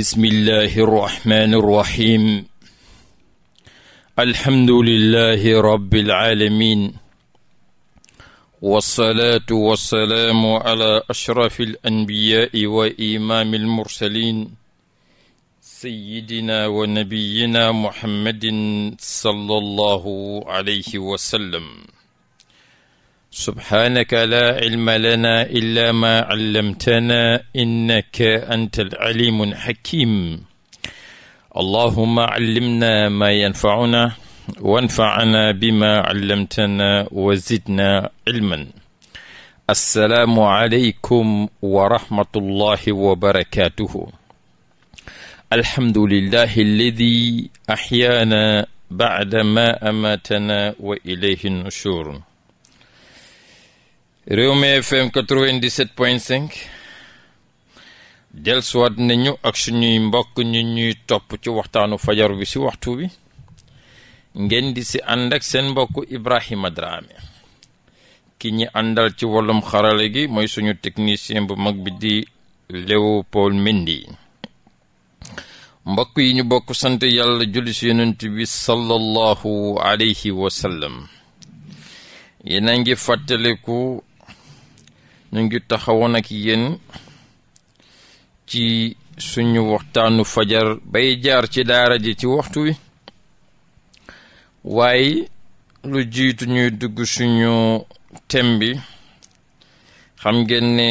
bismillahi irrahmani irrahim alhamdulilahi rabiilalamin walsalaatu walsalaamu ala ashrafi alanbiyaai wa imaami almursalin sayidina wa nabiyina muhammadin sallallahu alayhi wa sallam subhaanaka laa ilma lanaa illaa maa allamtanaa innaka anta al-aliimu al-hakiim allahumma allimnaa maa yanfa'unaa wanfa'naa bimaa allamtanaa wa zidnaa ilman assalaamu aleykum wa rahmatullaahi wa barakaatuhu alhamdulillaahi allazii ahyaanaa ba'da maa amaatanaa wa ilayhi nushuur Rewmi FM 97.5 dellusiwaat nañu ak suñuy mbokk ñu ñuy topp ci waxtaanu fajar bi ci waxtu bi ngeen di ci ànd ak seen mbokk Ibrahima Dramé ki ñi àndal ci wàllum xarala gi mooy suñu technicien bu mag bi di Léopold yi mbokk yi ñu bokk sant yàlla julli ci yonent bi sallallahu alayhi wa sallam ngi fàttaliku ñu ngi taxawoon ak yéen ci suñu waxtaanu fajar bay jaar ci daara ji ci waxtu wi waaye lu jiitu ñuy dugg suñu tem bi xam ngeen ne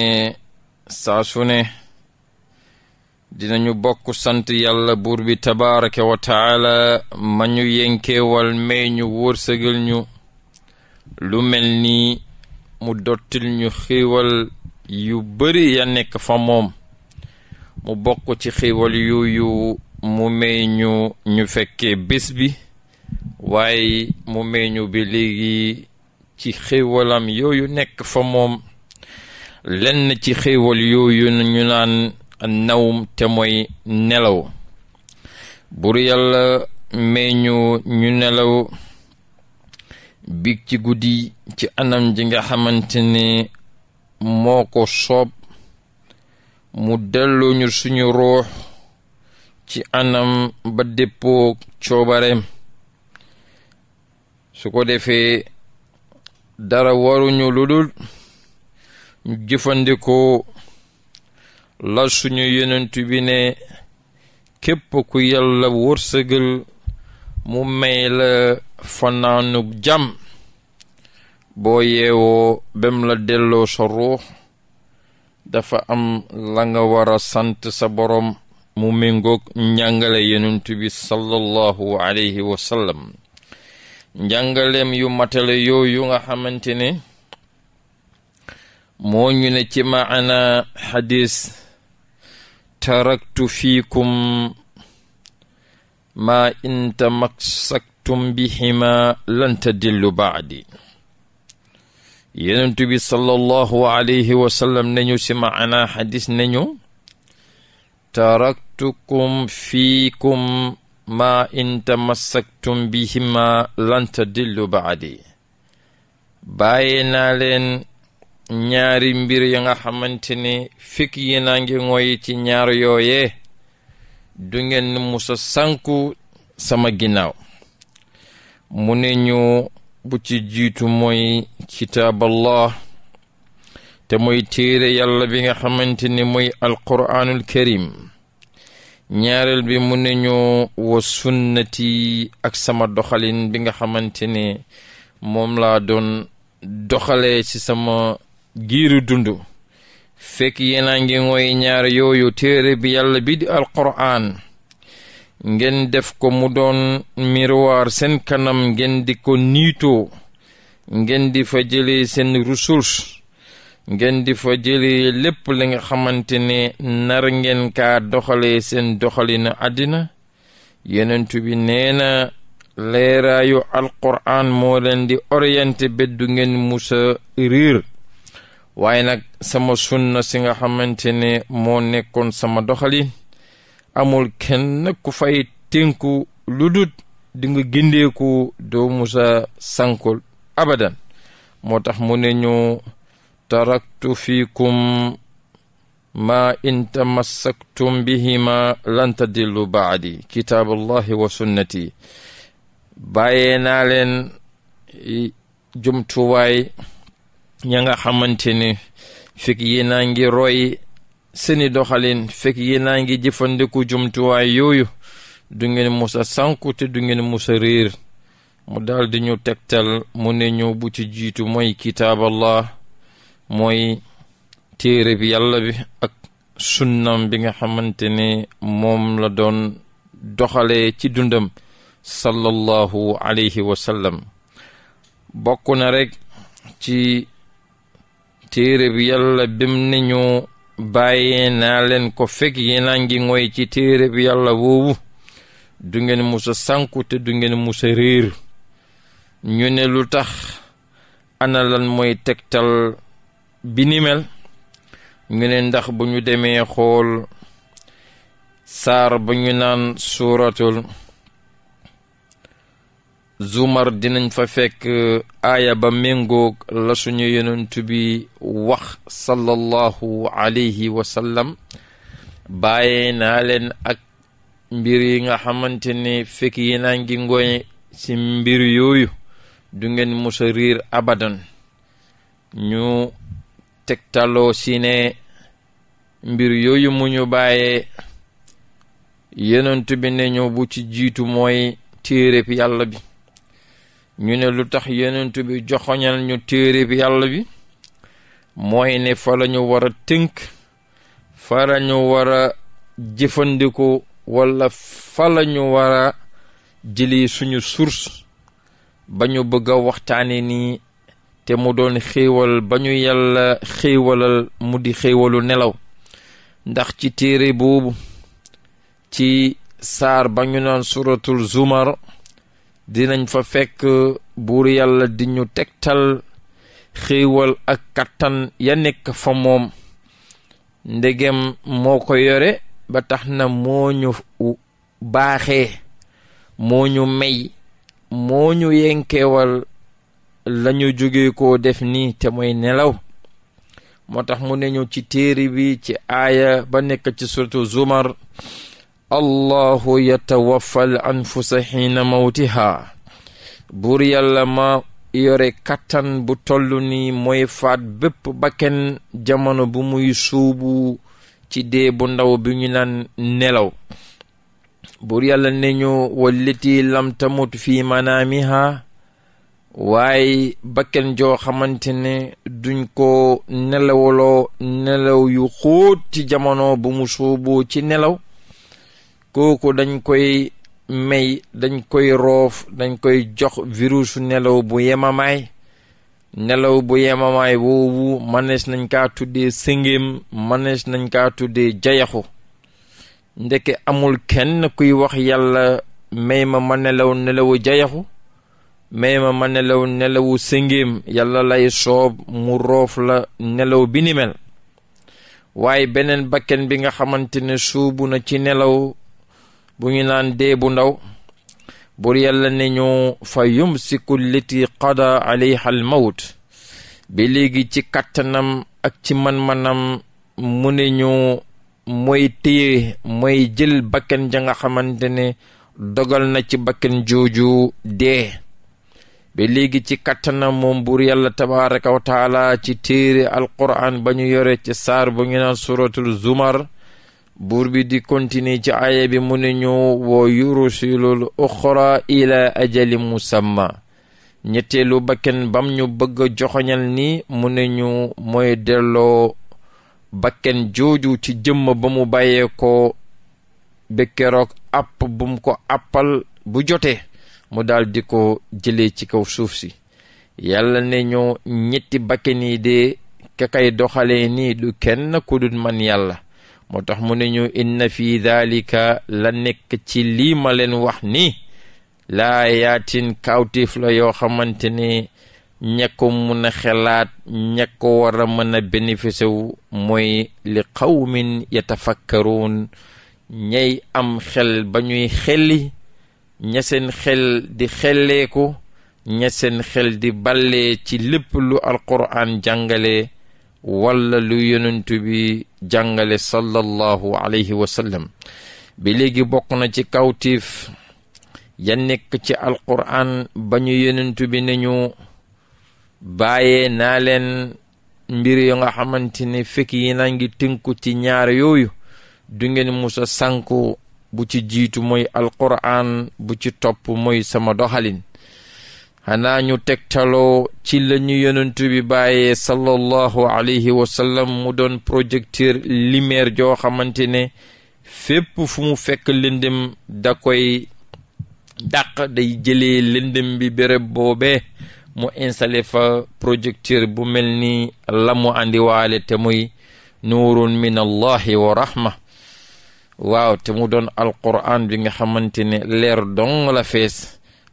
saa su ne dinañu bokk sant yàlla buur bi tabaraka wa taala ma ñu yenkeewal may ñu ñu lu mel mu dottil ñu xéewal yu bari ya nekk fa moom mu bokk ci xéewal yooyu mu may ñu fekke bés bi waaye mu may bi léegi ci xéewalam yooyu nekk fa moom lenn ci xéewal yooyu ñu naan nawum te mooy nelaw bur yàlla may ñu nelaw big guddi ci anam ji nga xamante ne moo ko soob mu delluñu suñu ruux ci anam ba déppoo coobareem su ko defee dara waruñu lu dul jëfandikoo la suñu yonent bi ne képp ku yàlla wërsëgal mu may la fanaanug jàmm boo yeewoo bem la delloo sa ruux dafa am la nga war sant sa boroom mu méngoog njàngale yonent bi sallallahu alayhi wa sallam yu matale yooyu nga xamante ne moo ñu ne ci maana xadis taraktu fiikum ma in tamassaktum amantum bihima lan tadillu baadi yenentu bi sallallahu alayhi wa sallam nañu si maana xadis nañu taraktukum fiikum ma in tamassaktum bihima lan tadillu baadi bàyyi naa leen ñaari mbir ya nga xamante ne fikk yi naa ngi ngoy ci ñaar yooyee du ngeen musa sànku sama ginnaaw mu ne ñu bu ci jiitu mooy kitaaballah te mooy téere yàlla bi nga xamante ne mooy alquraanul karim ñaareel bi mu ne ñu wa sunnati ak sama doxalin bi nga xamante ne moom laa doon doxale ci sama giiru dundu fekk yéenaa ngi mooy ñaar yooyu bi yàlla bi di alquraan ngeen def ko mu doon miroir seen kanam ngeen di ko niitoo ngeen di fa jëlee sen ressource ngeen di fa jëlee lépp li nga xamante ne nar ngeen kaa doxalee seen doxalina àddina yenentu bi nee na leeraayu alquraan moo leen di orienté beddu ngeen musa riir waaye nag sama sunna si nga xamante ne moo nekkoon sama doxalin amul kenn ku fay tinku lu dinga gindeeku doo musa sankul abadan moo tax mu ne ñu taraktu fiikum maa in tamassaktum bihima lan tadillu baadi kitaabullahi wa sunnati bàyyee naa leen jumtuwaay ña nga xamante ni fik roy seeni doxalin fekk yéen a ngi jëfandiku jumtuwaay yooyu du ngeen musa sànku te du ngeen musa réer mu daldi ñu tegtal mu ne ñu bu ci jiitu mooy kitaab allah mooy téere bi yàlla bi ak sunnam bi nga xamante ne moom la doon doxale ci dundam sallallahu alayhi wa sallam bokk ci téere bi yàlla bim ne ñu bàyyee naa leen ko fekk yéena ngi ngoy ci téere bi yàlla woowu du ngeen musa sànku te du ngeen musa réer ñu ne lu tax ana lan mooy tegtal bi ni ñu ne ndax bu ñu demee xool saar bu ñu naan suuratul zumar dinañ fa fekk uh, ayaba ba méngoog la suñu yonent wax sallallahu alayhi wa sallam bàyyee naa leen ak mbir yi nga xamante ne fekk yi naa ngi ngoñe ci mbir yooyu du ngeen mës riir abadan ñu tegtaloo si mbir yooyu mu ñu bàyyee yonent ne ñoo bu ci jiitu mooy téereb yàlla bi ñu ne lu tax yonent bi joxoñal ñu téere bi yàlla bi mooy ne fa ñu war a tënk fa la ñu war a jëfandiku wala fa la ñu war a suñu source ba ñu bëgg a waxtaane nii te mu doon xéewal ba ñu yàlla xéewalal mu di xéewalu nelaw ndax ci téere boobu ci saar ba ñu naan suratul zumar dinañ fa fekk buur yàlla di ñu tegtal xéewal ak kattan ya nekk fa moom ndegem moo ko yore ba tax na moo ñu baaxee moo ñu may moo ñu yenkeewal lañu jóge koo def nii te mooy nelaw moo tax mu ne ñu ci téere bi ci aaya ba nekk ci suratu zumar allahu yatawaffal anfusa xiina mawtiha buur yàlla ma yore kàttan bu toll ni mooy faat bépp bakken jamono bu muy suubu ci dee bu ndaw bi ñu naan nelaw buur yàlla ne ñu wallati lam tamut fi manaamiha waaye bakken joo xamante ne duñ ko nelawaloo nelaw yu xóot ci jamono bu mu suubu ci nelaw kooku dañ koy may dañ koy roof dañ koy jox virusu nelaw bu yemamaay nelaw bu yemamaay boobu mënees nañ kaa tuddee sëngéem mënees nañ kaa tuddee jayaxu ndeke amul kenn kuy wax yàlla may ma ma nelaw nelawu jayaxu may ma ma nelaw nelawu sëngéem yàlla lay soob mu roof la nelaw bi ni mel waaye beneen bakken bi nga xamante suubu na ci nelaw bu ñu naan dee bu ndaw bur yàlla ne ñu fa yumsiku lati qada alayha al mawt ba léegi ci kattanam ak ci man-manam mu ne ñu moy téye mooy jël bakken ja nga xamante ne dogal na ci bakken jooju dee ba léegi ci kattanam moom buur yàlla tabaraka wa ci téere alquran ba ñu yore ci saar bu ñu naan suratul zumar buur bi di continuer ci aaya bi mu ne ñu wa yurusilul uxra ila ajali musamma ñetteelu bakken bam ñu bëgg a joxoñal ni mu ne ñu mooy delloo bakken jooju ci jëmm ba mu bàyyee ko bekkeroog àpp bu mu ko àppal bu jotee mu daldi ko jële ci kaw suuf si yàlla ne ñu ñetti bakken yi de kakay doxalee nii du kenn ku dul man yàlla moo tax mu ne ñu inna fi daalika la nekk ci lii ma leen wax ni laa yaatin kawtif la yoo xamante ne ña ko mun a xelaat ña ko war a mën a bénéficier wu mooy li qawmin yatafakkaruun ñay am xel ba ñuy xelli ña xel di xelleeku ña seen xel di ballee ci lépp lu alquran jàngale walla lu yonentu bi jàngale sallallahu alayhi wa bi léegi bokk na ci kawtiif ya nekk ci alquraan ba ñu yonentu bi nañu bàyyee naa leen mbir yo nga xamante ne fekk yi naa ngi tënku ci ñaar yooyu du ngeen musa sànku bu ci jiitu moy alquraan bu ci topp mooy sama doxalin xanaa ñu tegtaloo ci la ñu yonentu bi bàyyee sallallahu alayhi wa mu doon projecteur lumière joo xamante ne fépp fu mu fekk lëndëm da koy dàq day jëlee lëndëm bi bërëb boobe mu installé fa projecteur bu mel ni la mu àndiwaale te muy nuurun min allahi wa rahma waaw te mu doon alquran bi nga xamante ne leer dong la fees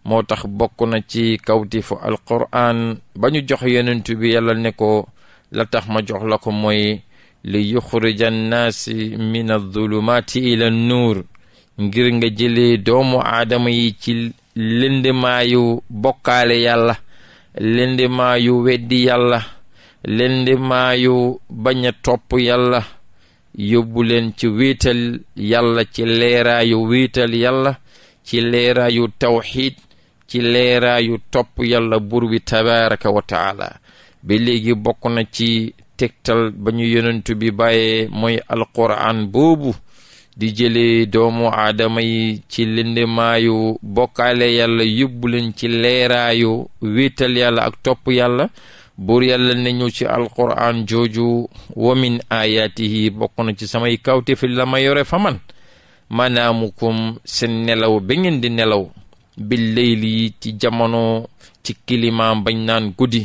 moo tax bokk na ci kawtifu alquran ba ñu jox yonent bi yàlla ne ko la tax ma jox la ko mooy li yuxrija annaasi min adulumaati ila nuur ngir nga ji jëlee doomu aadama yi ci lëndimaayu bokkaale yàlla lëndimaayu weddi yàlla lëndimaayu bañ a topp yàlla yóbbu leen ci wiital yàlla ci leeraayu wiital yàlla ci leeraayu tawxiid ci leeraayu topp yàlla buur bi tabaraka wa taala ba léegi bokk na ci tegtal ba ñu yonentu bi bàyyee mooy alquran boobu di jëlee doomu aadama yi ci lëndemaayu bokkaale yàlla yóbbu leen ci leeraayu wittal yàlla ak topp yàlla buur yàlla ne ñu ci alquran jooju wa min yi bokk na ci samay kawte fi la ma yore faman man maanaamukum seen nelaw ba ngeen di nelaw bil leyli ci jamono ci kilimaam bañ naan guddi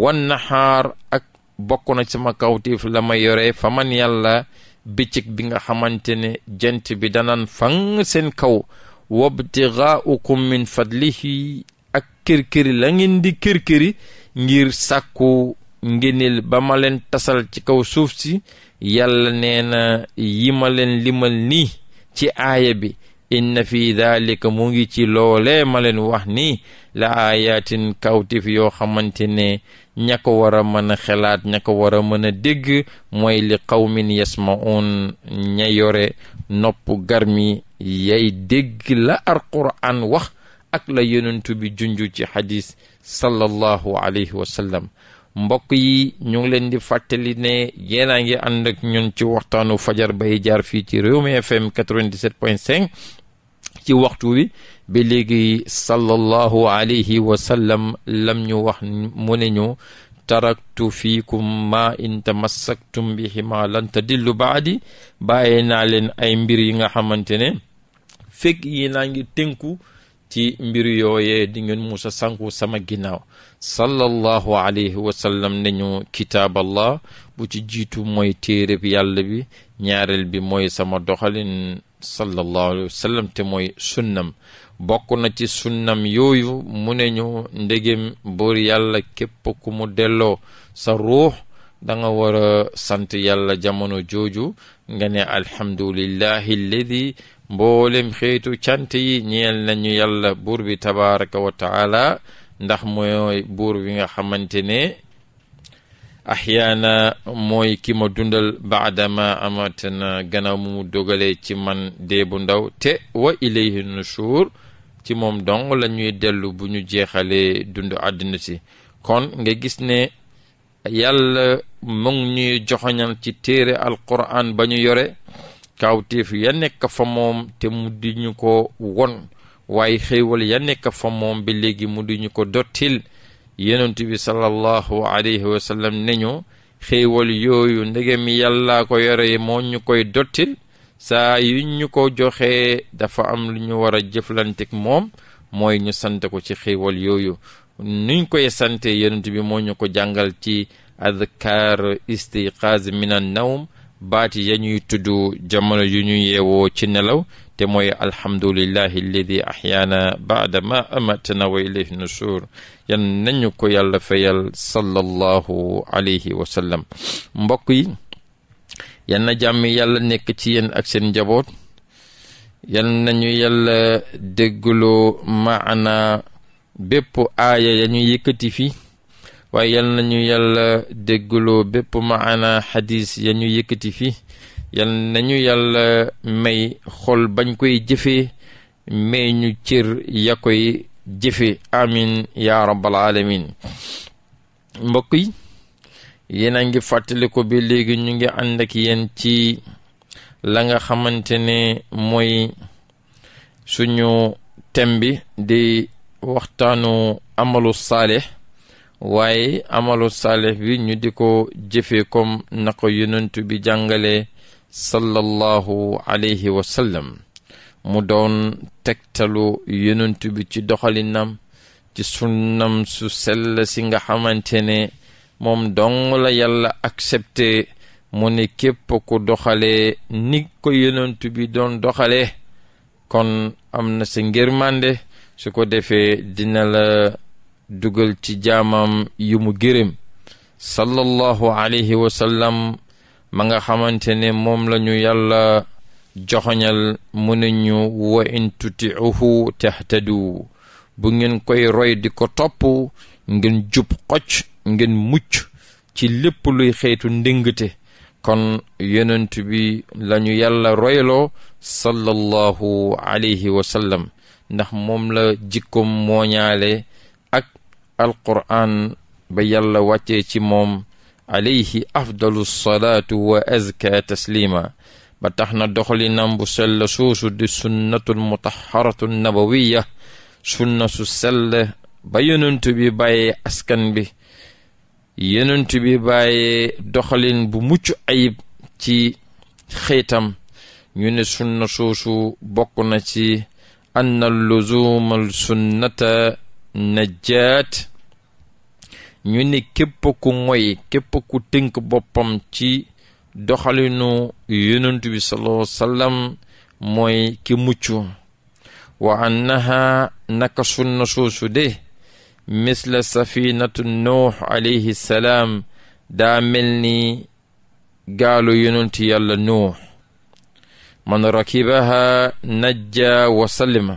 wan naxaar ak bokk na sama kawti la ma yore fa man yàlla bëccëg bi nga xamante ne jant bi danan fang seen kaw wabtigaaukum min fadlihi ak kër-këri la ngeen di kër ngir sàkku ngenil ba tasal ci kaw suuf si yàlla nee na yi ma leen limal nii ci aaya bi inna fi daalika mu ngi ci loole ma leen wax ni la ayatin kawtif yoo xamante ne ña ko war a mën a xelaat ña ko war a mën a dégg mooy li qawmin yasmaun ña yore nopp garmi yay dégg la alquran wax ak la yonentu bi junju ci xadis sallallahu alayhi wa sallam mbokk yi ñu ngi leen di fàttali ne yéena ngi ànd ak ñun ci waxtaanu fajar bay jaar fii ci Rewmi FM 97.5 ci waxtu wi ba léegi sallallahu alayhi wa lam ñu wax mu ne ñu taraktu fiikum ma in tamassaktum bihi ma lan tadillu baadi bàyyee naa leen ay mbir yi nga xamante ne fekk yi naa ngi tënku ci mbir yooyee dingeen ngeen musa sanku sama ginnaaw sallallahu alayhi wa sallam nañu kitaab allah bu ci jiitu mooy téereb yàlla bi ñaareel bi mooy sama doxalin sallallahu alayhi wa sallam te mooy sunnam bokk na ci sunnam yooyu mu ne ñu ndegem buur yàlla képp ku mu delloo sa ruux war a sant yàlla jamono jooju nga ne alhamdulillahi alladi mboolem xeetu cant yi ñeel nañu yàlla buur bi tabaraka wa ndax mooy buur nga xamante ne axyaana mooy ki ma dundal baadama amatana gannaaw mu dogale ci man dee bu ndaw te wa ilayhi nushur ci moom dong lañuy dellu bu ñu jeexalee dund àddina si kon nga gis ne yàlla mu ñuy joxoñal ci téere alquran ba ñu yore kawtéef ya nekk fa moom te mu di ko won waaye xéewal ya nekk fa moom ba léegi mu di ko dottil yonent bi sallallahu alayhi wa sallam ne ñu xéewal yooyu ndegem yàllaa ko yore moo ñu koy dottil saa yu ñu ko joxe dafa am lu ñu war a jëflanteek moom mooy ñu sante ko ci xéewal yooyu nuñ koy sante yonent bi moo ñu ko jàngal ci adkaar istiqaaz minan nawm baat ya ñuy tudd jamono yu ñu yeewoo ci nelaw te mooy alhamdulillahi alladi ahyaana baada ma amatana wa ilayhi nushur yan nañu ko yàlla fayal sallallahu alayhi wa sallam mbokk yi yan na jàmm yàlla nekk ci yéen ak seen njaboot yan nañu yalla déggloo maana bépp aaya ya ñu yëkkati fi waaye yal nañu yàlla déggloo bépp maana xadis ya ñu yëkkati fi yal nañu yàlla may xol bañ koy jëfee may ñu cër ya koy jëfe amin ya rabbal alamin mbokk yi yéen a ngi fàttali bi léegi ñu ngi ànd ak yéen ci la nga xamante ne mooy suñu thème bi di waxtaanu amalu saalih waaye amalu saalih bi ñu di ko jëfee comme na ko yonent bi jàngale sallallahu alayhi wa sallam mu doon tegtalu yonent bi ci doxalinam ci sunnam su sella si nga xamante ne moom dong la yàlla accepté mu ne képp ko doxalee ni ko yonent bi doon doxalee kon am na sa ngërmande su ko defee dina la dugal ci jaamam yumu mu sallallahu alayhi wa ma nga xamante ne moom la ñu yàlla joxoñal mu ne ñu wa in tutiuhu tahtadu bu ngeen koy roy di ko topp ngeen jub xocc ngeen mucc ci lépp luy xeetu ndëngte kon yonent bi lañu yàlla royloo sallallahu alayhi wa ndax moom la jikkoom mooñaale ak alquran ba yàlla wàccee ci moom alayhi afdalu salaatu wa azka taslima ba tax na doxalinam bu sell soosu di sunnatul mutaharatu nabawiya sunna su sell ba yonent bi bàyyee askan bi yonent bi bàyyee doxalin bu mucc ayib ci xëytam ñu ne sunna soosu bokk na ci anna luzumal sunnata najaat ñu ne képp ku moy képp ku tënk boppam ci doxalinu yonent bi sallallahu mooy ki mucc wa annaha naka sunna de misla safinatu nuux alayhi salaam daa mel ni gaalu yonent yàlla nuux man rakibaha najja wa salima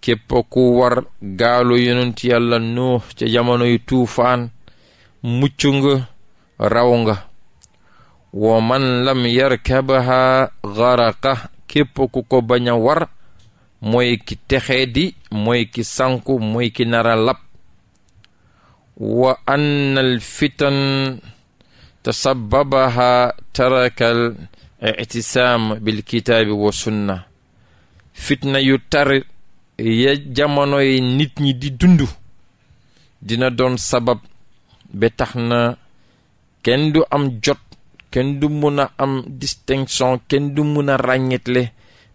képp ku war gaalu yonent yàlla nuux ca jamono yu tuufaan mucc nga raw nga wa man lam yarkabaha garaqa képp ku ko baña war mooy ki texee di mooy ki sanku mooy ki nara lab wa annal fitan tasababaha tarakal ictisaam bilkitaabi wa sunna fitna yu tar ya jamono yi nit ñi di dund dina doon sabab ba tax na kenn du am jot kenn du mun a am distinction kenn du mun a ràññetle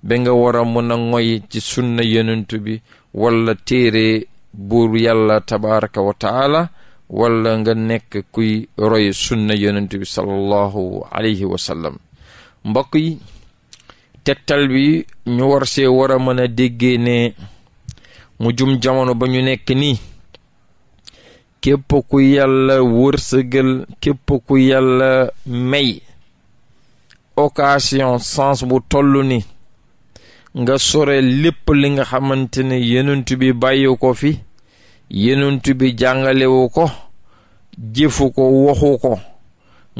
ba nga war a mun a ngoy ci sunna yonent bi walla téere buur yàlla tabaraka wa taala nga nekk kuy roy sunna yonent bi sallallahu alayhi wa sallam yi tegtal bi ñu war see war a mën a déggee ne mu jum jamono ba ñu nekk ni képp ku yàlla wërsëgal képp ku yàlla may occasion sens bu toll ni nga sore lépp li nga xamante ne yenent bi bàyyi ko fi yenent bi jàngalewu ko jëfu ko waxu ko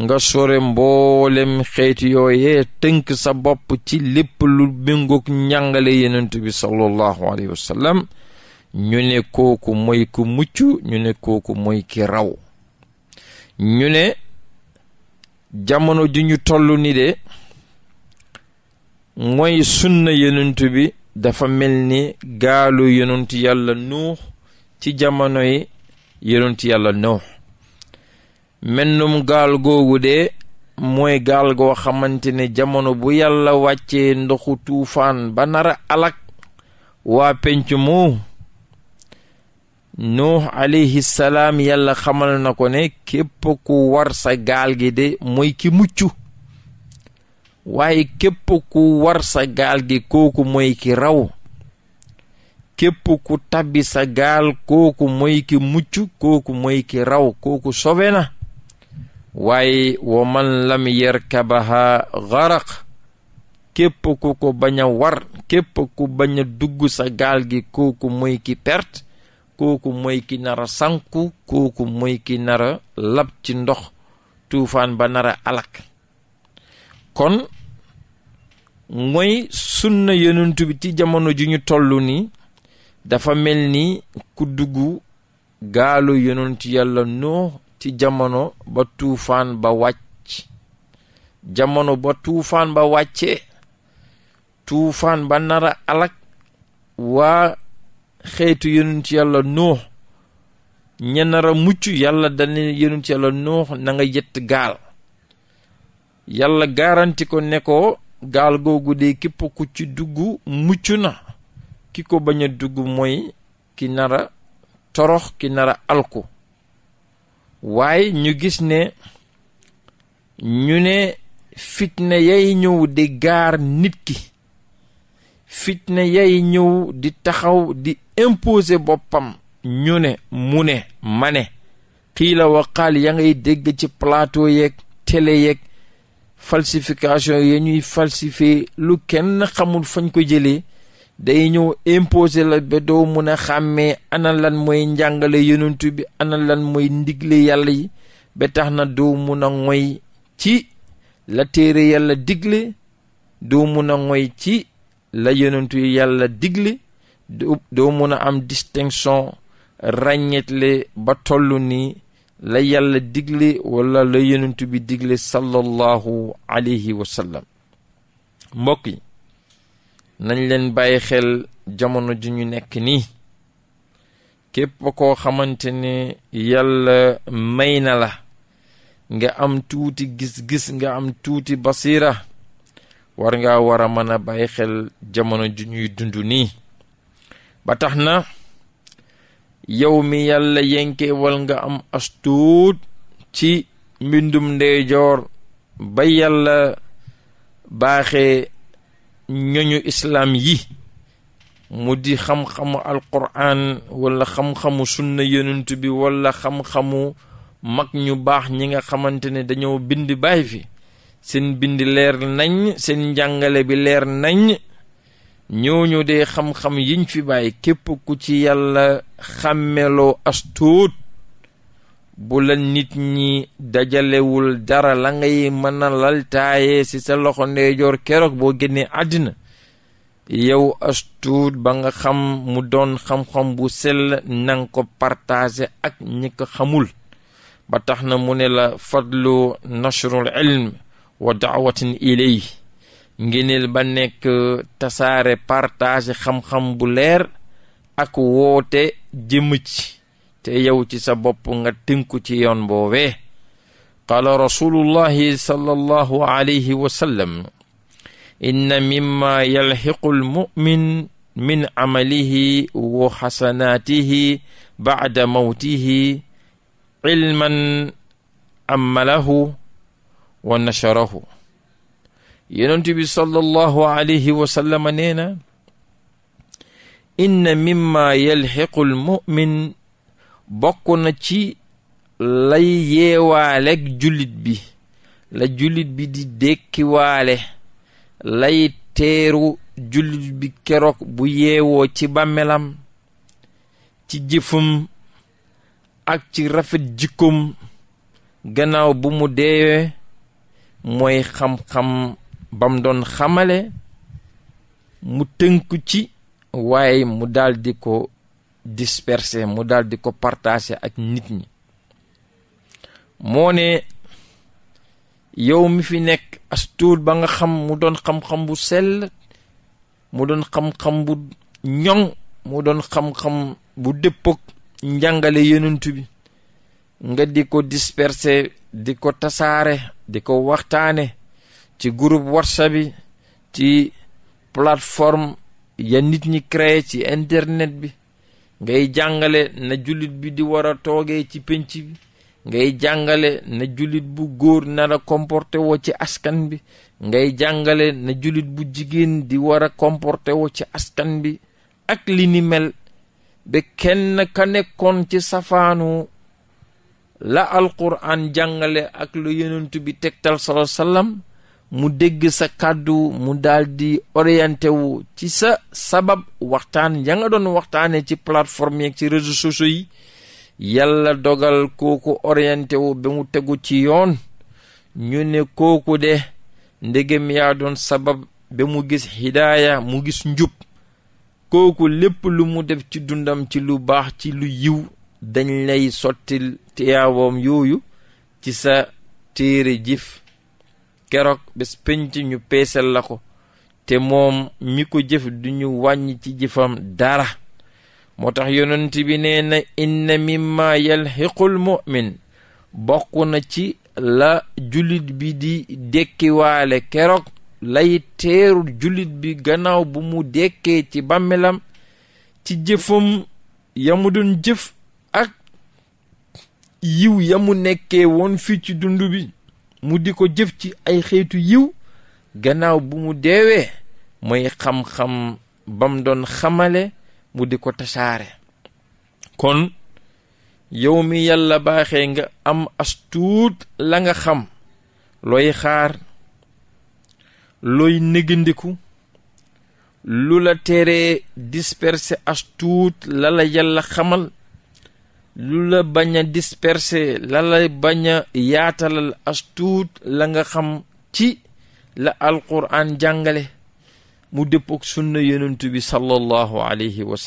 nga sore mboolem xeetu yooyee tënk sa bopp ci lépp lu méngoog njàngale yenent bi sallallahu alayhi wa ñu ne kooku mooy ku mucc ñu ne kooku mooy ki raw ñu ne jamono ju ñu toll ni de mooy sunna yonent bi dafa mel ni gaalu yonent yàlla nuux ci jamono yi yonent yàlla nuux mennum gaal googu de mooy gaal goo xamante ne jamono bu yàlla wàccee ndoxu tuufaan ba nara alak waa penc mu nuux alayhi salaam yàlla xamal na ko ne képp ku war sa gaal gi de mooy ki mucc waaye képp ku war sa gaal gi kooku mooy ki raw képp ku tabbi sa gaal kooku mooy ki mucc kooku mooy ki raw kooku sobe na waaye wa man lam yarkabaha garaq képp ku ko bañ war képp ku bañ dugg sa gaal gi kooku mooy ki perte kooku mooy ki nar a sànku kooku mooy ki nar lab ci ndox tuufaan ba nara a alak kon mooy sunna yonent bi ci jamono ju ñu toll ni dafa mel ni ku dugg gaalu yonent yàlla noo ci jamono ba tuufaan ba wàcc jamono ba tuufaan ba wàccee tuufaan ba nar a alak waa xeetu yonent yàlla nuux ña nar mucc yàlla dane yonent yàlla nuux na nga yett gaal yàlla garanti ko ne gaal googu de képp ku ci dugg mucc na ki ko bañ a dugg mooy ki nar torox ki nar alku waaye ñu gis ne ñu ne fitna yay ñëw di gaar nit ki fitna yay ñëw di taxaw di imposé boppam ñu ne mu ne ma ne xiila wa ya ngay dégg ci plateau yeeg télé yeeg falsification ya ñuy falsifié lu kenn xamul fañ ko jëlee day ñëw imposé la ba doo mun a xàmmee ana lan mooy njàngale yonentu bi ana lan mooy ndigle yàlla yi ba tax na doo mun a ngoy ci la téere yàlla digle doo mun a ngoy ci la yonentu yàlla digle doo mën a am distinction ràññeetle ba toll nii la yàlla digle wala la yonent bi digle sallallahu alayhi wa sallam mbokk nañ leen bàyyi xel jamono ju ñu nekk nii képp koo xamante ne yàlla may na la nga am tuuti gis-gis nga am tuuti basira war nga war a mën a bàyyi xel jamono ju ñuy dund nii ba tax na yow mi yàlla yenkeewal nga am astuut ci mbindum ndeyjoor ba yàlla baaxee ñoñu islaam yi mu di xam-xamu alquran walla xam-xamu sunna yonent bi walla xam-xamu mag ñu baax ñi nga xamante ne dañoo bind baay fi seen bind leer nañ seen njàngale bi leer nañ ñooñu dee xam-xam yiñ fi bàyyi képp ku ci yàlla xàmmeloo astuut bu la nit ñi dajalewul dara la ngay mën a ci sa loxo ndeyjoor keroog boo génnee àddina yow astuut ba nga xam mu doon xam-xam bu sell nang ko partager ak ñi xamul ba tax na mu ne la fadlu nashrul ilm wa daawatin ilayhi ngëneel ba nekk tasaare partage xam-xam bu leer ak woote jëm ci te yow ci sa bopp nga tënku ci yoon boobee qaala rasulullahi sallallahu alayhi wa sallam inna mimma yalxiqu almumin min camalihi wa xasanaatihi bacda mawtihi cilman ammalahu wa nasharahu yonent bi sallallahu alayhi wa sallama na inna mimma yalxiqul mumin bokk na ci lay yeewaaleeg jullit bi la jullit bi di dékkiwaale lay teeru jullit bi keroog bu yeewoo ci bàmmelam ci jëfam ak ci rafet jikkoom gannaaw bu mu deewee mooy xam-xam bam doon xamale mu tënk ci waaye mu daldi ko disperser mu daldi ko partager ak nit ñi moo ne yow mi fi nekk as ba nga xam mu doon xam-xam bu sell mu doon xam-xam bu ñoŋ mu doon xam-xam bu dëppook njàngale yenentu bi nga di ko disperser di ko tasaare di ko waxtaane ci group whatsapp bi ci plateforme ya nit ñi créé ci internet bi ngay jàngale na jullit bi di war a toogee ci pénc bi ngay jàngale na jullit bu góor nar a comporté woo ci askan bi ngay jàngale na jullit bu jigéen di war a comporté woo ci askan bi ak li ni mel ba kenn ka nekkoon ci safaanu la alquran jàngale ak lu yonent bi tegtal sallallahu alayhi mu dégg sa kàddu mu daldi orienté ci sa sabab waxtaan ya nga doon waxtaane ci plateforme ci réseaux sociaux yi yàlla dogal kooku orienté wu ba mu tegu ci yoon ñu ne kooku de ndegem yaa doon sabab ba mu gis hidaaya mu gis njub kooku lépp lu mu def ci dundam ci lu baax ci lu yiw dañ lay sottil tiyaawoom yooyu ci sa téere jif keroog bés ñu peesal la ko te moom mi ko jëf du ñu wàññi ci jëfam dara moo tax yonent bi nee na inna mimma yalxiqul mu'min bokk na ci la jullit bi di dekkiwaale keroog lay teeru jullit bi gannaaw bu mu dekkee ci bàmmelam ci jëfam yamu doon jëf ak yiw yamu nekkee woon fii ci dundu bi mu di ko jëf ci ay xeetu yiw gannaaw bu mu deewee mooy xam-xam bam doon xamale mu di ko tasaare kon yow mi yàlla baaxe nga am astuut la nga xam looy xaar looy négandiku lu la teree disperser astuut la la yàlla xamal lu la bañ a disperser la la bañ a yaatalal as tuut la nga xam ci la alquran jàngale mu dëppook sunna yonentu bi sallallahu alayhi wa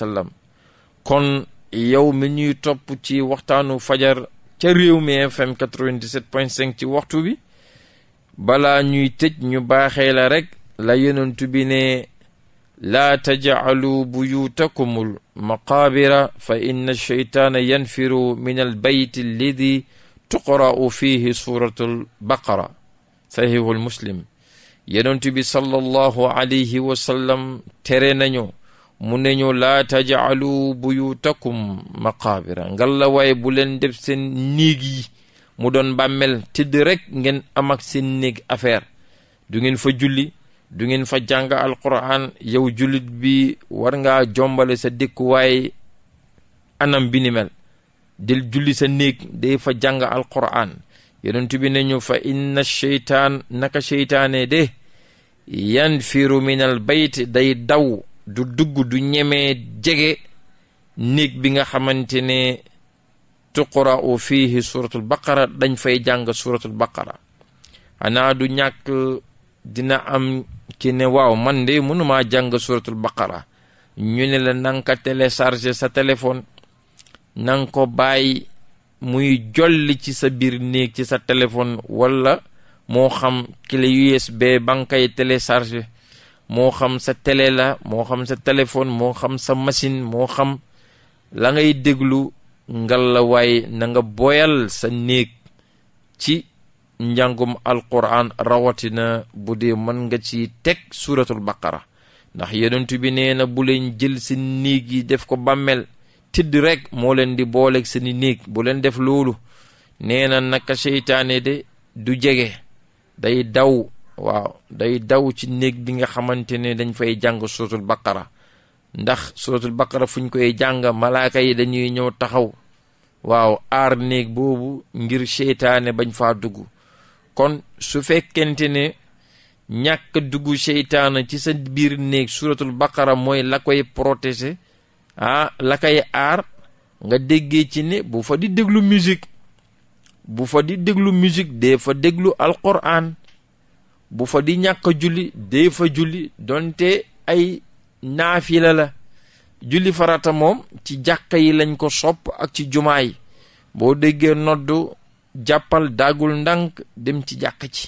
kon yow mi ñuy topp ci waxtaanu fajar ca réew mi fm 97.5 ci waxtu bi bala ñuy tëj ñu baaxee la rek la yonentu bi ne laa tajcaluu buyuutakum maqaabira fa inna sheytaana yanfiru min albeyt alladi tuqra'u fihi suratu lbaqara saxiihul muslim yonent bi sallallahu alayhi wa sallam tere nañu mu ne ñu laa tajcalu ngalla waaye bu leen def seen néeg yi mu doon bàmmel tëdd rek ngeen seen néeg affaire fa julli du ngeen fa jàng alquran yow jullit bi war ngaa jombale sa dëkkuwaay anam bi ni mel del julli sa néeg day fa jàng alquran yonent bi ne ñu fa inna cheytaan naka cheytaane de yan fiiru minal bayt day daw du dugg du ñeme jege néeg bi nga xamante ne tuqra'u fiihi suratul baqara dañ fay jàng suratul baqara xanaa du ñàkk dina am ki ne waaw man de mënuma jàng suratul baqara ñu ne la na nga ko sa téléphone na ko bàyyi muy jolli ci sa biir néeg ci sa téléphone walla moo xam clé USB ba nga koy moo xam sa télé la moo xam sa téléphone moo xam sa machine moo xam la ngay déglu ngal la waaye na boyal sa néeg ci njàngum alquran rawatina bu dee mën nga ci teg suuratul baqara ndax yonent bi nee bu leen jël seen néeg yi def ko bàmmeel tidd rekk moo leen di booleek seeni néeg bu leen def loolu nee na naka seytaane de du jege day daw waaw day daw ci néeg bi nga xamante ne dañ fay jàng suuratul baqara ndax suuratul baqara fuñ koy jàng malaaka yi dañuy ñëw taxaw waaw aar néeg boobu ngir seytaane bañ faa dugg kon su fekkente ne ñàkk dugg seytaan ci sa biir néeg suratul baqara mooy la koy protéger ah la koy aar nga déggee ci ne bu fa di déglu musique bu fa déglu musique dee bu fa di ñàkk julli dee fa julli donte ay naafila la julli farata moom ci jàkka yi lañ ko sopp ak ci jumaa yi boo déggee noddu jàppal daagul ndànk dem ci jàq ci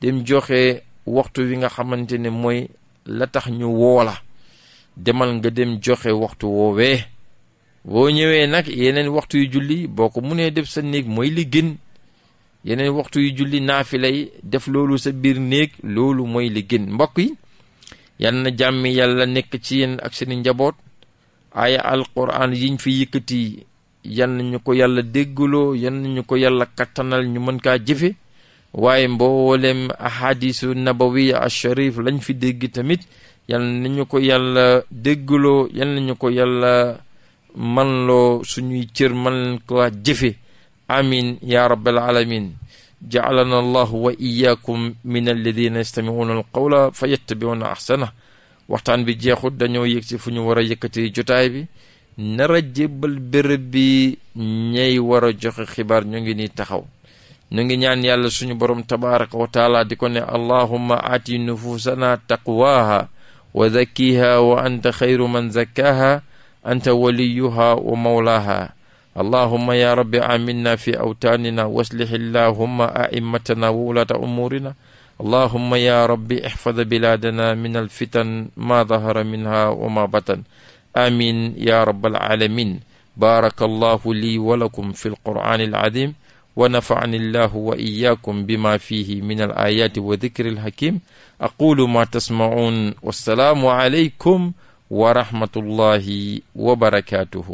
dem joxe waxtu wi nga xamante ne mooy la tax ñu woola demal nga dem joxe waxtu woowee boo ñëwee nag yeneen waxtu yu julli boo ko munee def sa néeg mooy li gën yeneen waxtu yu julli naafila yi def loolu sa biir néeg loolu mooy li gën mbokk yi yal na jàmm yàlla nekk ci yenn ak seeni njaboot aaya alquran yiñ fi yëkkati yal nañu ko yàlla déggaloo yal nañu ko yàlla kattanal ñu mën kaa jëfe waaye mboolem ahadisu nabawiya asharif lañ fi dégg tamit yal nañu ko yàlla déggaloo yal nañu ko yàlla man loo suñuy cër man ko jëfe amin ya rabbal alamin ja'alana allahu wa iyaakum min alladina yastami'una alqawla fu ñu war a jotaay bi nar a jébbal bërëb bi ñay war a joxe xibaar ñu ngi nii taxaw ñu ngi ñaan yàlla suñu borom tabaraka wa taala di ko ne allahumma aati nufuusanaa taqwaaha wa zakkiha wa anta xayru man zakkaaha anta waliyuha wa mawlaaha allahumma ya rabbi aminna fi awtaanina waslih illahumma aimmatana wa wulaata umuurina allahumma ya rabbi ixfad bilaadana min alfitan ma dahara minha wa ma batan amin ya rabbal alamin baraka allahu lii wa lakum fi alqur'ani alazim wa nafa'ani allahu wa iyyakum bima fihi min alayati wa dhikri alhakim aqulu ma tasma'un wassalaamu alaykum wa rahmatullahi wa barakatuhu